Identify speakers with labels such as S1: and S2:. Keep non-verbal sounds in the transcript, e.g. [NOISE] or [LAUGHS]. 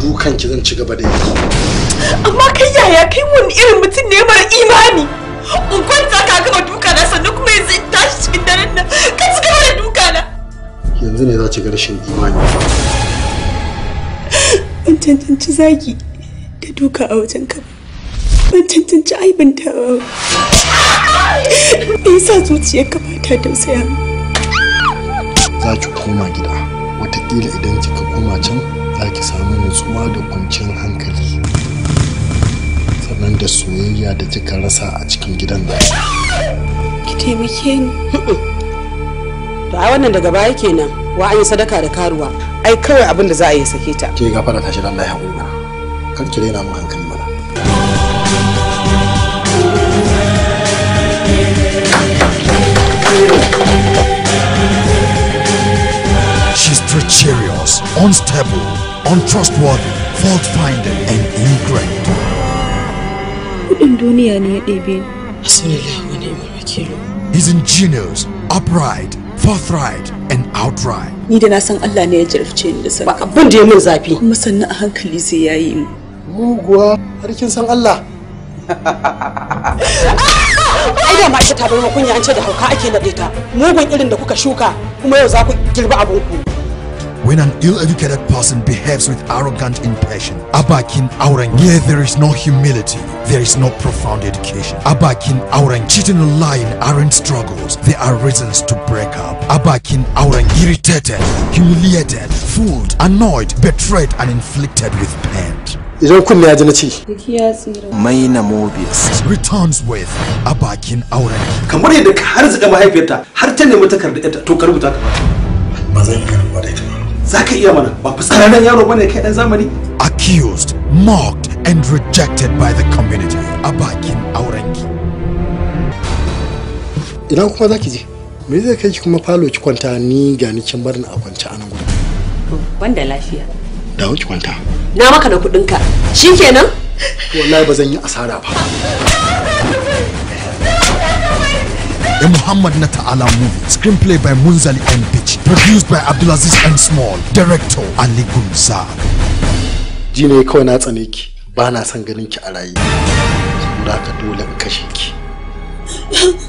S1: dukan ki zan ci gaba da yi amma kai yaya kai wani irin mutum ne mara imani in kwanta ka gama duka na sannan kuma yanzu in tashi cikin daren nan ka ci gaba da duka na yanzu ne za ci ga rashin imani ban cancanci zagi da duka a wajen ka ban cancanci ta. me yasa zuciyarka ba ta tausaya za ki koma gida Wataƙila idan kika koma can za ki samu nutsuwa da kwanciyar hankali sannan da soyayya da kika rasa a cikin gidan da ki taimake ni to ai wannan daga baya kenan wa an yi sadaka da karuwa ai kawai abin da za a yi sake ta ke gafara tashi lallai hakuri kar ki rena mu hankali mana dangerous, unstable, untrustworthy, fault-finding, and duniya ne ya ɗebe ni. Hasunillahi He's ingenious, upright, forthright, and outright. Ni da na san Allah ne ya jarfce ni da sarki. Ba bin da ya min zafi. Kuma sannan a hankali sai ya yi mu. Muguwa, har kin san Allah. Ai da ma ita ta an ce da hauka ake naɗe ta. Mugun irin da kuka shuka kuma yau za ku abin ku. When an ill-educated person behaves with arrogant impatience, abakin auren, here there is no humility, there is no profound education. Abakin auren, cheating and lying aren't struggles, they are reasons to break up. Abakin auren, irritated, humiliated, fooled, annoyed, betrayed and inflicted with pain. idan kun ya ji na ci mai na mobius returns with abakin bakin auren kamar yadda ka har zuka mahaifiyarta har ta nemi takardar ita to ka rubuta ka ba zan iya rubuta ita za ka iya mana ba fitsararren yaro bane kai dan zamani accused mocked and rejected by the community a bakin aurenki idan kuma za ki je me zai kai ki kuma falo ki kwanta ni ga ni can barin a kwance anan gudu to banda lafiya dawo ki kwanta na maka da kudin ka shikenan wallahi ba zan yi asara ba a Muhammad Nata Alam movie. Screenplay by Munzali M. Bichi. Produced by Abdulaziz M. Small. Director Ali Gunza. Ji ne kawai na tsane ki, ba na son ganin ki a raye. Saboda ka dole in kashe ki. [LAUGHS]